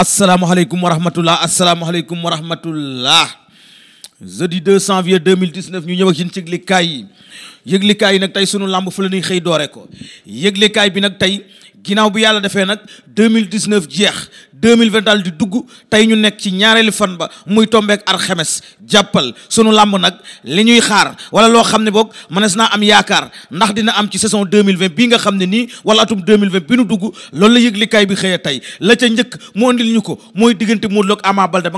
asalaamaaleykum wa rahmatullah asalaamaaleykum wa rahmatullah jeudi 2 janvier 2019 ñu ñëw ak yéen ci yëglikaay yi yëglikaay yi nag tey sunu làmb fa la ñuy xëy doore ko yëglikaay bi nag tey ginnaaw bi yàlla defee nag mille 2019 jeex 2020 daal di dugg tey ñu nekk ci ñaareelu fan ba muy tombeek arxemes jàppal sunu làmb nag li ñuy xaar wala loo xam ne boog mënees naa am yaakaar ndax dina am ci saison 2020 bii nga xam ne nii wala atum 2020 bi nu dugg loolu la yëglikaay bi xëy tey la ca njëkk ñu ko mooy diggante Modou Lo ak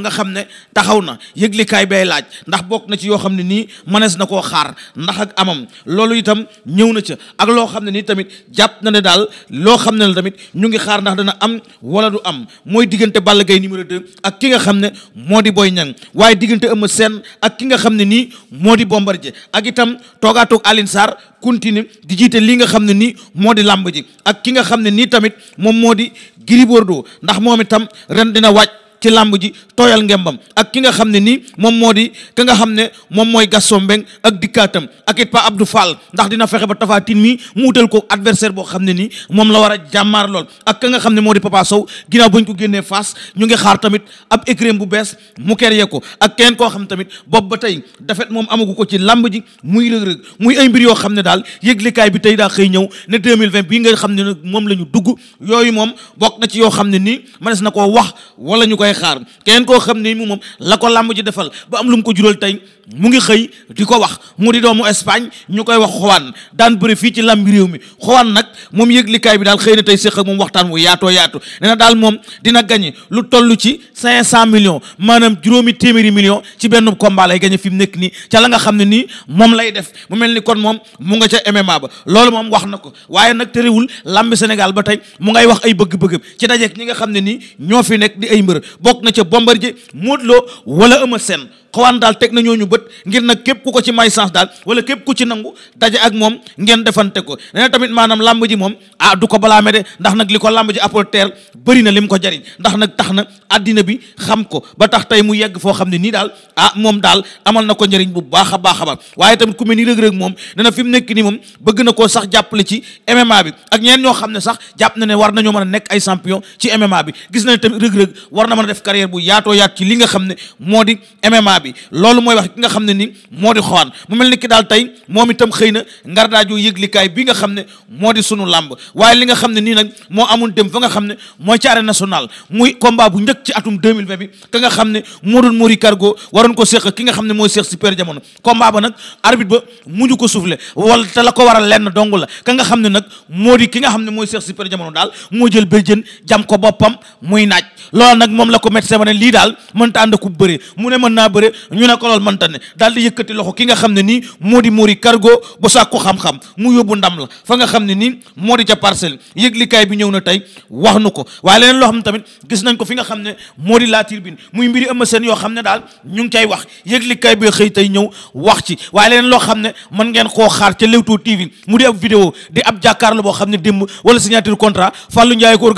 nga xam ne taxaw na yëglikaay bay laaj ndax bokk na ci yoo xam ne nii mënees na koo xaar ndax ak amam loolu itam ñëw na ca ak loo xam ne nii tamit jàpp na ne daal loo xam ne tamit ñu ngi xaar ndax dana am wala du am mooy diggante Balla gay numéro 2 ak ki nga xam ne moo di Boy Niang waaye diggante Eumeu seen ak ki nga xam ne nii moo di Bombardier ak itam toogaatoog alin Sarr continue di jiite li nga xam ne nii moo di làmb ji ak ki nga xam ne nii tamit moom moo di Gris doo ndax moom itam ren dina wàcc ci làmb ji tooyal ngembam ak ki nga xam ne nii moom moo di ki nga xam ne moom mooy Gaston Mbeng ak dikkaatam ak it Pa Abdou Fall ndax fexe ba Tapha Tine mi mu wutal ko adversaire boo xam ne nii moom la war a jàmmaar lool ak ka nga xam ne moo di Papa Sow ginnaaw ko génnee Fass ñu ngi xaar tamit ab bu bees mu kerye ko ak keneen koo xam tamit bopp ba tey dafet moom amagu ko ci làmb ji muy muy ay mbir yoo xam ne daal yëglikaay bi tey daa xëy ñëw ne 2020 bii nga xam ne nag moom la ñu dugg yooyu moom bokk na ci yoo xam ne nii mënees na koo wax wala ñu koy koy xaar keneen koo xam ne mu moom la ko làmb ji defal ba am lu mu ko jural tey mu ngi xëy di ko wax mu di doomu Espagne ñu koy wax xowaan daan bëri fii ci làmbi réew mi xowaan nag moom yëglikaay bi daal xëy na tey séq ak moom waxtaan wu yaatoo yaatu nee na daal moom dina gañe lu toll ci cinq cent million maanaam juróomi téeméeri million ci benn combat lay gañe fi mu nekk nii ca la nga xam ne nii moom lay def mu mel ni kon moom mu nga ca MMA ba loolu moom wax na ko waaye nag terewul làmbi Sénégal ba tey mu ngay wax ay bëgg-bëggam ci dajeek ñi nga xam ne nii ñoo fi nekk di ay mbër bokk na ca Bombardier Modou Lo wala Eumeu Sène xawaan daal teg na ñooñu bët ngir nag képp ku ko ci may chance daal wala képp ku ci nangu daje ak moom ngeen defante ko nee tamit maanaam làmb ji moom ah du ko balaame de ndax nag li ko làmb ji apporter bëri na lim ko jariñ ndax nag tax na àddina bi xam ko ba tax tey mu yegg foo xam ne nii daal ah moom daal amal na ko njëriñ bu baax a baax a waaye tamit ku mel ni rëg-rëg moom nee na fi mu nekk ni moom bëgg na koo sax jàppale ci MMA bi ak ñeen ñoo xam ne sax jàpp na ne war nañoo mën a nekk ay champion ci bi gis na ne tamit war na mën a def carrière bu yaatoo yaat ci li nga xam ne moo di MMA bi loolu mooy wax ki nga xam ne ni moo di xawaan mu mel ni ki daal tey moom itam xëy na ngardaaju yëglikaay bi nga xam ne moo di sunu làmb waaye li nga xam ne nii nag moo amoon dem fa nga xam ne mooy ci arène nationale muy combat bu njëkk ci atum 2020 bi ka nga xam ne moo doon Mori Cargo waroon ko seeq ki nga xam ne mooy seeq super jamono combat ba nag arbitre ba mujj ko soufflé le te la ko waral lenn dong la ka nga xam ne nag moo di ki nga xam ne mooy seeq super jamono daal moo jël béjjën jam ko boppam muy naaj loolu nag moom la ko médecin ba ne lii daal mën ñu ne ko lool mënta ne daal di yëkkati loxo ki nga xam ne nii moo di Mori Cargo ba sàkku xam-xam mu yóbbu ndam la fa nga xam ne nii moo di ca parcelle yëglikaay bi ñëw na tey wax nu ko waaye leneen loo xam ne tamit gis nañ ko fi nga xam ne moo di la muy mbiri Eumeu Sène yoo xam ne daal ñu ngi cay wax yëglikaay bi xëy tey ñëw wax ci waaye loo xam ne mën ngeen koo xaar ca Leewtoo TV mu di ab vidéo di ab jàkkaarloo boo xam ne démb wala signature contrat Fallou Ndiaye ko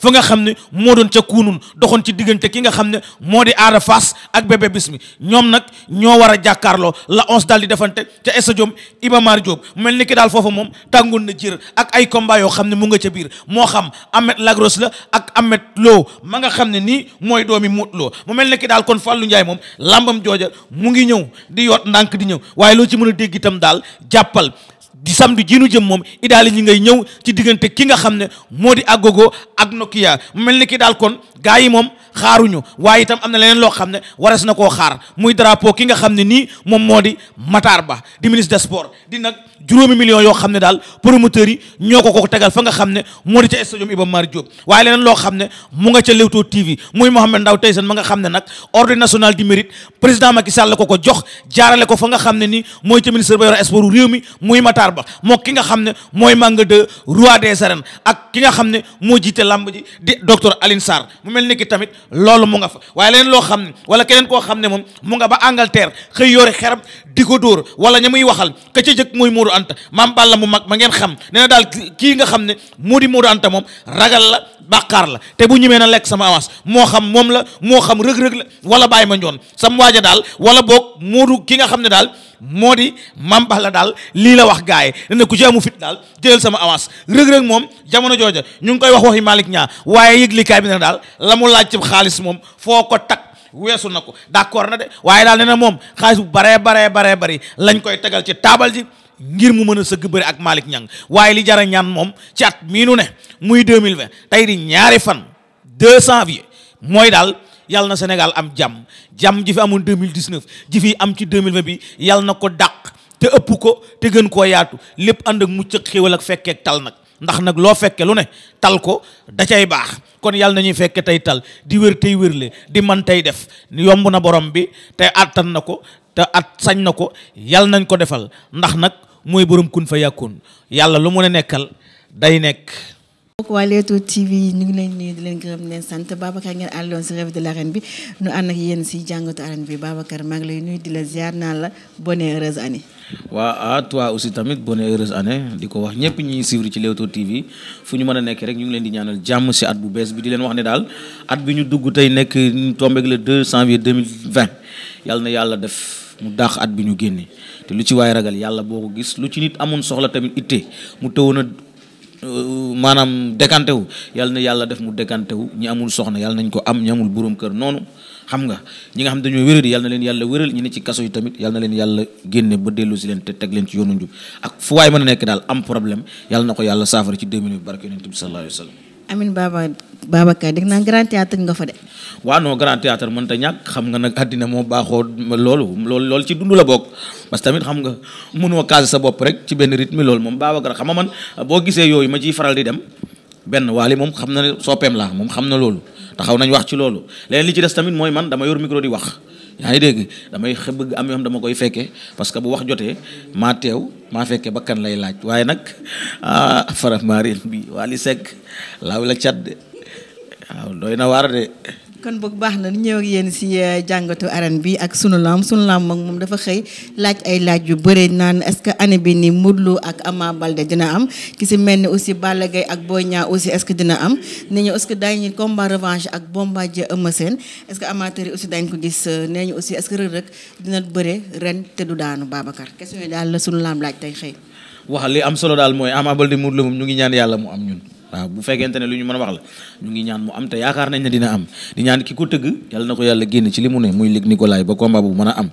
fa nga xam ne moo doon ca kuunun doxoon ci diggante ki nga xam ne moo di aada fas ak bébé bis mi ñoom nag ñoo war a jàkkaarloo la onze daal di defante ca stadium Iba Mar Diop mel na ki daal foofu moom tàngoon na jër ak ay combat yoo xam ne mu nga ca biir moo xam Ahmed Lagros la ak Ahmed Lo ma nga xam ne nii mooy doomi Modou Lo mu mel ni ki daal kon Fallou Ndiaye moom làmbam jooja mu ngi ñëw di yoot ndànk di ñëw waaye loo ci mën a dégg itam daal jàppal di samedi ji nu jëm moom idaali ñi ngay ñëw ci diggante ki nga xam ne moo di agogo ak Nokia mel ni ki daal kon gaa yi moom xaaruñu waaye itam am na leneen loo xam ne waras na koo xaar muy drapeau ki nga xam ne nii moom moo di Matar Ba di ministre de sports dina juróomi millions yoo xam ne daal promoteurs yi ñoo ko ko tegal fa nga xam ne moo di ca stadium Iba Mar Diop waaye leneen loo xam ne mu nga ca Leewtoo TV muy ko ko jox jaarale ko fa nga xam ne ni mooy ca ministre ba yor muy Matar Ba ki nga xam ne mooy Manga de des arènes ak ki nga xam ne moo jiite làmb ji di docteur Aline Sarr mu mel ni ki tamit loolu mu nga fa waaye leneen loo xam ne wala keneen koo xam ne moom mu nga ba Angleterre xëy yoor xerab di ko dóor wala ña muy waxal ka ca jëkk mooy Modou Anta maam la mu mag ma ngeen xam nee na daal kii nga xam ne moo di Modou Anta moom ragal la bàkkaar la te bu ñimee na lekk sama avance moo xam moom la moo xam rëg-rëg la wala bàyyi ma njoon sam waaja daal wala boog Modou ki nga xam ne daal moo di maam Balla daal lii la wax gaay nee na ku ci amu fit daal jëlal sama avance rëg-rëg moom jamono jooja ñu ngi koy wax waxi Malick Niang waaye yëglikaay bi ne daal la mu laaj ci xaalis moom foo ko takk weesu na ko d'accord na de waaye daal nee na moom xaalis bu baree baree baree bari lañ koy tegal ci taabal ngir mu mën a sëgg bëri ak Malick Niang waaye li jarañaan moom ci at mii nu ne muy 2020 tey di ñaari fan 2 janvier mooy daal yàlla na Sénégal am jàmm jàmm ji fi amoon 2019 ji fi am ci 2020 bi yàlla na ko dàq te ëpp ko te gën koo yaatu lépp ànd ak mucc ak xéwal ak fekkeek tal nag ndax nag loo fekke lu ne tal ko da cay baax kon yàlla na ñuy fekke tey tal di wér tey wérle di man tey def yomb na borom bi te àttan na ko te at sañ na ko yàlla nañ ko defal ndax nag mooy borom kun fa yàkkun yàlla lu mu a nekkal day nekk. mbokk waa Leewtoo TV ni ngi leen nuyu di leen leen sant Babacar ngeen àlloon si revue de l'arène bi nu ànd ak yéen si jàngatu arène bi Babacar maa ngi lay nuyu di la ziar naa la bonne heureuse année. waa ah toi aussi tamit bonne heureuse année di ko wax ñëpp ñuy suivre ci Leewtoo TV fu ñu mën a nekk rek ñu ngi leen di ñaanal jàmm si at bu bees bi di leen wax ne daal at bi ñu dugg tey nekk tombé le 2 janvier 2020 yàlla na yàlla def mu daax at bi ñu génne. te lu ci waay ragal yàlla boo ko gis lu ci nit amoon soxla tamit itte mu tëwoon a euh, maanaam décanté wu yàlla na yàlla def mu décanté wu ñi amul soxna yàlla nañ ko am ñi amul boroom kër noonu xam nga ñi nga xam dañoo wéral di yàlla na leen yàlla wéral ñi ne ci kaso yi tamit yàlla na leen yàlla génne ba dellu si leen te teg leen ci yoonu njub ak fu waay mën a nekk daal am problème yàlla na ko yàlla saafara ci deux minutes barke yonent bi sallallahu alayhi wa sallam Amin baaba Babacar deg naa grand théâtre nga fa de. waaw non grand théâtre mën ta ñàkk xam nga nag àddina moo baaxoo loolu loolu loolu ci dundu la bokk parce que tamit xam nga mënoo kaase sa bopp rek ci benn rythme loolu moom Babacar xam nga man boo gisee yooyu ma ciy faral di dem benn waali moom xam na ne soppeem la moom xam na loolu xaw nañ wax ci loolu leneen li ci des tamit mooy man dama yor micro di wax. yaa ngi dégg damay bëgg am yoo xam dama koy fekkee parce que bu wax jotee maa teew maa fekkee ba kan lay laaj waaye nag ah faramarin bi Wally Seck laaw la cat de waaw doy na waar de. kon boog baax na ñëw ak yéen si euh, jàngatu arène bi ak sunu laam sunu lamb mag moom dafa xëy laaj ay laaj yu bëre naan est-ce que année bi ni Modou Lo ak Ama Baldé dina am ki si mel ni aussi Balla Gaye ak Boy Niang aussi est-ce que dina am nee ñu que daañu combat revanche ak Bombardier que amateurs yi aussi dañ ko gis euh, nee ñu aussi est-ce que dina bëre ren te du daanu Babacar question daal la sunu lamb laaj tey xëy. wax li am solo daal mooy Ama Baldé Modou moom ñu ngi ñaan yàlla mu am ñun. waaw bu fekkente ne lu ñu mën a wax la ñu ngi ñaan mu am te yaakaar nañ ne dina am di ñaan ki ko tëgg yàlla na ko yàlla génn ci li mu ne muy lig Nicolas ba combat bu mën a am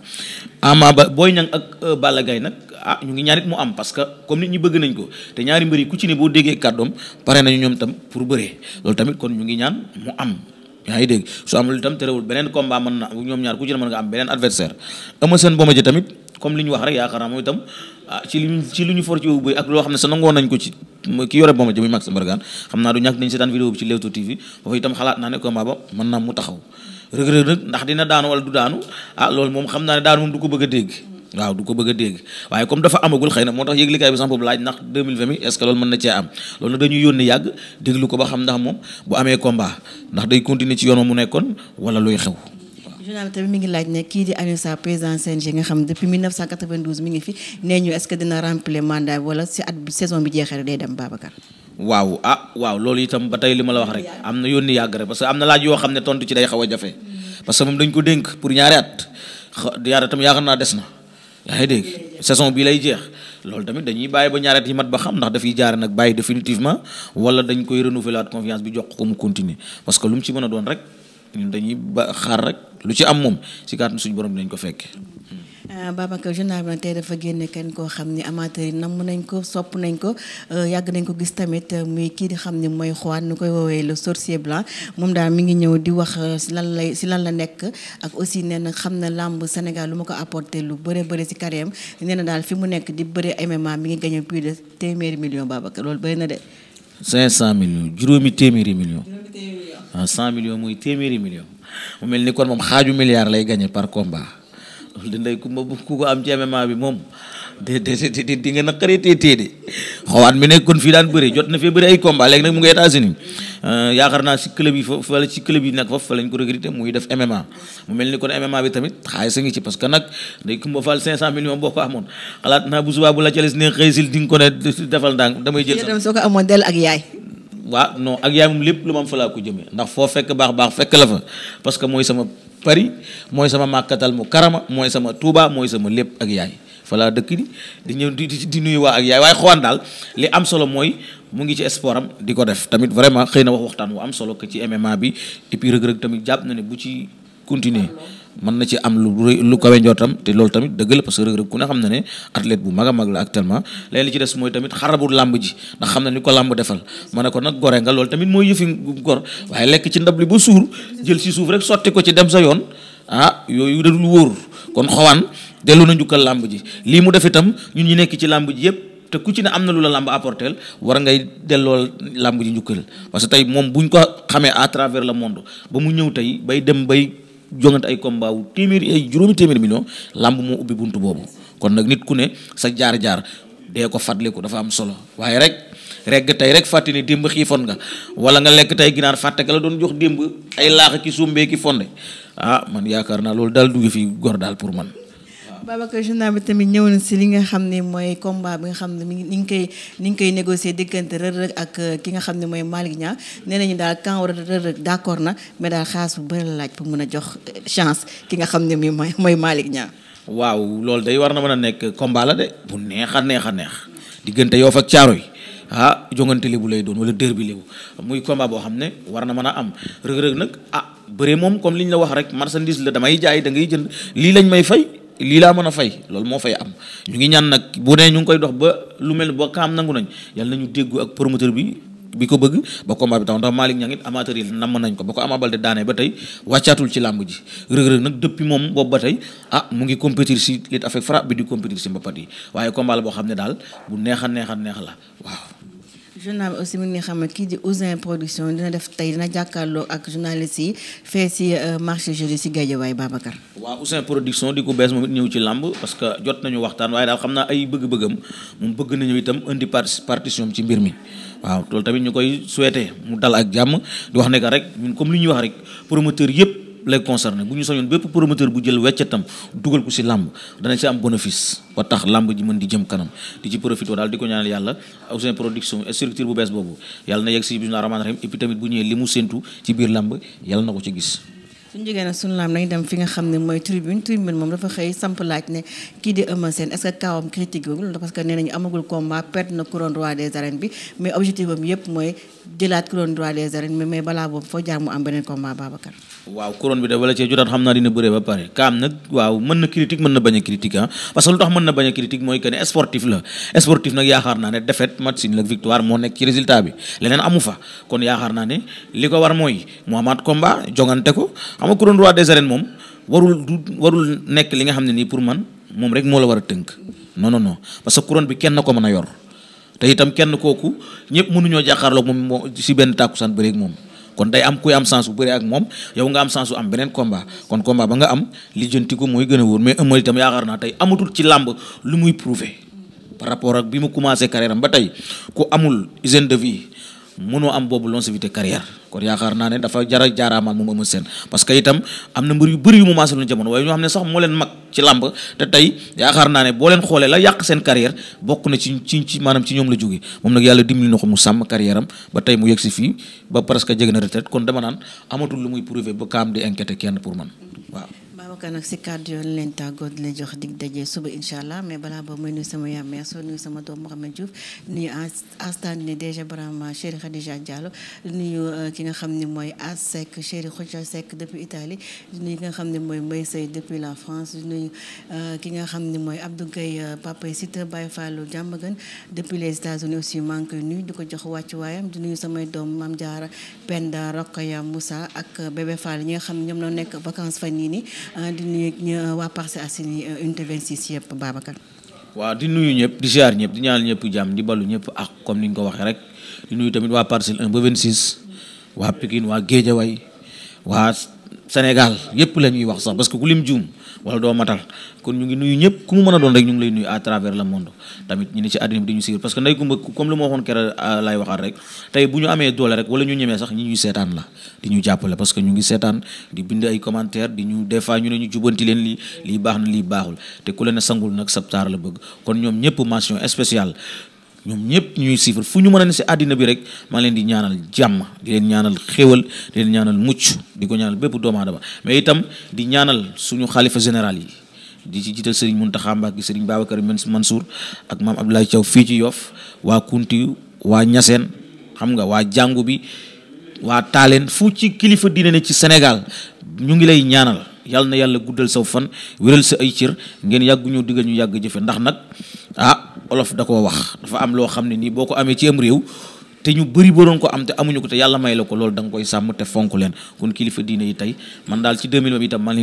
Ama ba Boy Niang ak euh, Balla nag ah ñu ngi ñaan it mu am parce que comme nit ñi bëgg nañ ko te ñaari mbër yi ku ci ne boo déggee kàddoom pare nañu ñoom tam pour bëree loolu tamit kon ñu ngi ñaan mu am yaa ngi dégg su amul itam terewul beneen combat mën na ñoom ñaar ku ci ne am beneen adversaire Eumeu Sène Bombardier tamit comme li ñu wax rek yaakaar naa moom itam ah ci li ñu ci li ñu for ci wu bëy ak loo xam ne sa nangoon nañ ko ci ki yore booma jëmuy Max Mbargane xam naa du ñàkk dañ seetaan vidéo bi ci Leewtoo TV foofu itam ba mën naa mu taxaw rëg-rëg ndax dina daanu wala du daanu ah loolu moom xam naa ne daanu moom du ko bëgg a dégg waaw du ko bëgg a dégg waaye comme dafa amagul xëy na moo tax yëglikaay bi sax boobu laaj ndax 2020 mi est-ce que loolu mën na cee am loolu nag dañuy yónni yàgg déglu ko ba xam ndax mu nekkoon wala luy xew journaliste bi mi ngi laaj ne kii di Alioune Sarr président CNG nga xam depuis 1992 mi ngi fi nee ñu est dina remplir mandat wala si at saison bi jeexee ah, ba tey li ma la wax na yónni a jafe parce que moom dañ ko dénk pour ñaari at ñaari atam yaakaar na yaa ngi dégg saison bi lay jeex loolu tamit dañuy bàyyi ba ñaari at yi mat ba xam ndax dafiy jaare nag bàyyi définitivement wala dañ koy renouveler waat confiance bi jox ko mu continuer parce que lu mu ci mën a doon rek dañuy lu ci am moom si kàttan suñ borom dinañ ko fekke euh, Babacar journal bi tey dafa génne kenn koo xam ni amateur yi namm nañ ko sopp nañ ko euh, yàgg nañ ko gis tamit euh, muy kii di xam ni mooy Juan nu koy woowee le sorcier blanc moom daal mi ngi ñëw di wax si lan lay si lan la nekk ak aussi nee na xam na làmb Sénégal lu ma ko apporté lu bëre bëri si carrière nee na daal fi mu nekk di bëre MMA mi ngi gagné plus de téeméeri million Babacar loolu bëri na de. cinq cent millions juróomi téeméeri million waaw ah, cent million mooy téeméeri million mu mel ni kon moom xaaju milliard lay gagné par combat loolu dinday ku ma ku ko am ci MMA bi moom di di di nga naqaree tee de xawaat mi nekkoon fii daan bëri jot na fee bëri ay combat léegi nag mu ngi États-Unis euh, yaakaar naa si club yi fa fa lañ ko recruter muy parce que nag day kumba faal 500 millions boo ko amoon xalaat naa bu subaa bu la cales ne xëysil di nga ko defal ndànk damay jël soo ko amoon del ak yaay waaw non ak yaay moom lépp lu ma am fa laa ko jëmee ndax foo fekk baax baax fekk la fa parce que mooy sama Paris mooy sama màkkatal mu karama mooy sama Touba mooy sama lépp ak yaay fa dëkk di di ñëw di di nuyu waa ak yaay waaye xawaan daal li am solo mooy mu ngi ci sport am di ko def tamit vraiment xëy na wax waxtaan wu am solo ko ci MMA bi et puis rëg-rëg tamit jàpp na ne bu ci continuer mën na ci am lu lu kawe njootam te loolu tamit dëgg la parce que ku ne xam na ne athlète bu mag a mag la actuellement léegi li ci des mooy tamit xarabu làmb ji ndax xam na ni ko làmb defal ma ne ko nag gore nga loolu tamit mooy yëfi gor waaye lekk ci ndab li ba suur jël si suuf rek sotti ko ci dem sa yoon ah yooyu dadul wóor kon xawaan dellu na njukkal làmb ji lii mu def itam ñun ñu nekk ci làmb ji yëpp te ku ci ne am na lu la làmb apporteel war ngay delloo làmb ji njukkal parce que tey moom buñ ko xamee à travers le monde ba mu ñëw tey bay dem bay jongante ay combat wu téeméeri ay juróomi téeméeri million làmb moo ubbi bunt boobu kon nag nit ku ne sa jaar-jaar dee ko fàttaliku dafa am solo waaye rek regg tey rek fàtte ni démb xiifoon nga wala nga lekk tey ginaar fàtte ka la doon jox démb ay laax ki sumbee ki fonde ah man yaakaar naa loolu daal dugg fi gor daal pour man Babacar journal bi tamit ñëw na si li nga xam ne mooy combat bi nga xam ne mi ngi ni ngi koy ni ngi koy négocier diggante Reug Reug ak euh, ki nga xam ne mooy Malick Niang nee nañu daal quand war Reug Reug d'accord na mais daal xaalis bu bëri laaj mën a jox euh, chance ki nga xam ne mi mooy mooy Malick Niang waaw loolu day war na mën a nekk combat la de bu neex a neex a neex diggante Yoff ak Caaroy ah jongante lébu lay doon wala dër bi lébu muy combat boo xam ne war na mën a am Reug Reug nag ah bëre moom comme li ñu la wax rek marchandise la damay jaay da ngay jënd lii lañ may fay lii laa mën a fay loolu moo fay am ñu ngi ñaan nag bu dee ñu ngi koy dox ba lu mel ba kaam nangu nañ yàlla nañu déggu ak promoteur bi bi ko bëgg ba combat bi tax ndax Malick Niang it amateur yi namm nañ ko ba ko Ama Baldé daanee ba tey wàccaatul ci làmb ji rëg-rëg nag depuis moom boobu ba tey ah mu ngi compétir si lutte avec frappe bi di compétir si mbapat yi waaye combat boo xam ne daal bu neex a neex a neex la waaw journal bi aussi mu ngi xam ne kii di Ouzin production dina def tey dina jàkkaarloo ak journaliste yi fee si euh, marché jeudi si Guédiawaye Babacar. waaw Ouzin production di ko bees moom it ci làmb parce que jot nañu waxtaan waaye daal xam naa ay bëgg-bëggam moom bëgg nañu itam indi partition ci mbir mi. waaw loolu tamit ñu koy souhaité mu dal ak jàmm di wax ne rek ñun comme li ñuy wax rek promoteur yëpp. lay concerné bu ñu sañoon bépp promoteur bu jël weccatam dugal ko si làmb danañ si am bénéfice ba tax làmb ji mën di jëm kanam di ci profité daal di ko ñaanal yàlla Ouzin production structure bu bees boobu yàlla na yegg si bi rahmaan rahim et puis tamit bu ñëwee li mu séntu ci biir làmb yàlla na ko ci gis suñu jógee nag suñu laam nañ dem fi nga xam ne mooy tribune tribune moom dafa xëy samp laaj ne kii di Eumeu Sène est-ce que kaawam critique wul parce que na couronne bi yëpp mooy jëlaat couronne roi des arènes mais balaa waaw couronne mën na critique mën na bañ a ah. parce que lu tax mën na bañ a critique mooy que sportif la sportif nag yaakaar naa ne défaite match la victoire moo nekk ci résultat bi leneen amu fa kon yaakaar naa ne li ko war mooy mu amaat combat jongante ko xam nga couronne roi des arènes moom warul du warul nekk li nga xam ne nii pour man moom rek moo la war a tënk non non non parce que couronne bi kenn ko mën a yor te itam kenn kooku ñëpp mënuñoo jàkkaarloog moom moo si benn tàkkusaan bëri ak moom kon day am kuy am sens bu bëri ak moom yow nga am sens bu am beneen combat kon combat ba nga am lijjanti ko mooy gën a wóor mais Eumeu itam yaakaar naa tey amatul ci làmb lu muy prouver par rapport ak bi mu commencé carrière am ba tey ku amul hygiène de vie mënoo am boobu longévité carrière kon yaakaar naa ne dafa jara jaaraamaal moom Eumeu Sène parce que itam am na mbir yu bëri yu mu maasal na jamono waaye ñoo xam ne sax moo leen mag ci làmb te tey yaakaar naa ne boo leen xoolee la yàq seen carrière bokk na ci ci ci maanaam ci ñoom la jóge moom nag yàlla dimbali na ko mu sàmm carrière am ba tey mu yegg si fii ba presque jege na retraite kon dama naan amatul lu muy prouvé ba kaam di inquiété kenn pour man waaw kooka nag si kàddu yoon leen tàggoo di la jox dig daje suba incha allah mais balaa boobu may nuyu sama yaay mais soo nuyu sama doom Mouhamed Diouf nuyu Astane ni déjà Barama Chéri Khadija Diallo euh, ki nga xam ne mooy As Seck Chéri Khoucha Seck depuis Italie nuyu ki nga xam ne mooy Mbaye Seye depuis la France nuyu euh, ki nga xam ne mooy Abdou Gueye euh, Papa Sita Baye Fallou Diamagane depuis les États-Unis aussi maa ngi di ko jox wàccu waayam di nuyu samay doom Mame Diarra Penda Rokhaya musa ak Bébé Fall ñi xam ne ñoom la nekk vacances fan yii nii di nuyu ñu euh, waa Parcelles Assainies euh, unité di nuyu ñëpp di ziar ñëpp di ñaanal ñëpp jàmm di balu ñëpp ak comme ni ko waxee rek di nuyu tamit waa Parcelles 1 ba 26 waa Pikine waa Guédiawaye waa Sénégal yëpp la ñuy wax sax parce ku lim juum wala doo matal kon ñu ngi nuyu ñëpp ku mu mën a doon rek ñu ngi lay nuyu à travers le monde tamit ñu ni ci àddina bi dañu que nday gumba comme li ma waxoon kere euh, laay waxaat rek ñu amee doole rek wala ñu ñemee sax ñi ñuy seetaan la di ñu jàppale parce que ñu ngi seetaan di bind ay commentaire di ñu des fois ñu ne ñu jubanti leen lii lii baax na lii baaxul te ku leen a sangul nag sab taar la bëgg kon ñoom ñëpp mention spéciale ñoom ñëpp ñuy siifar fu ñu mën a ne si àddina bi rek maa leen di ñaanal jàmm di leen ñaanal xéwal di leen ñaanal mucc di ko ñaanal bépp doomu aadama mais itam di ñaanal suñu xalifa général yi di ci jiital sëriñ Muntaxa Mbàkke sëriñ Babacar Mansour ak maam Abdoulaye Thiaw fii ci Yoff waa Kunti waa Ñaseen xam nga waa jàngu bi waa taaleen fu ci kilifa diine ci Sénégal ñu ngi lay ñaanal yàlla na yàlla guddal saw fan wéral sa ay cër ngeen yàggu ñoo digal ñu yàgg jëfe ndax nag ah olof da koo wax dafa am loo xam ne nii boo ko amee ci am réew te ñu bëri baroon ko am te amuñu ko te yàlla may la ko loolu da koy sàmm te fonk leen kon kilifa diine yi tey man daal ci 2000 bi itam bi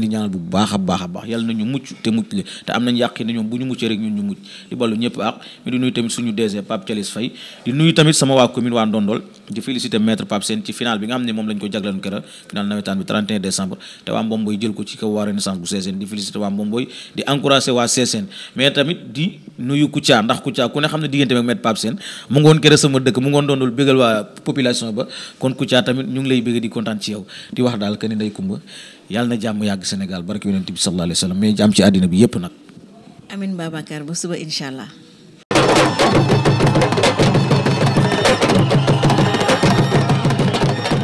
nga xam ne moom lañ ko jaglan kër final ku ne xam ne diggante ak maître Pape mu ngoon kër sama dëkk mu ngoon Ndondol bëggal waa population ba kon Kouthia tamit ñu ngi lay bëgg di kontaan ci yow di wax daal que ni Ndeye Coumba yàlla na jàmm yàgg Sénégal barke yonent bi sallallahu alayhi wa sallam mais jàmm ci àddina bi yépp nag. amin Babacar ba suba incha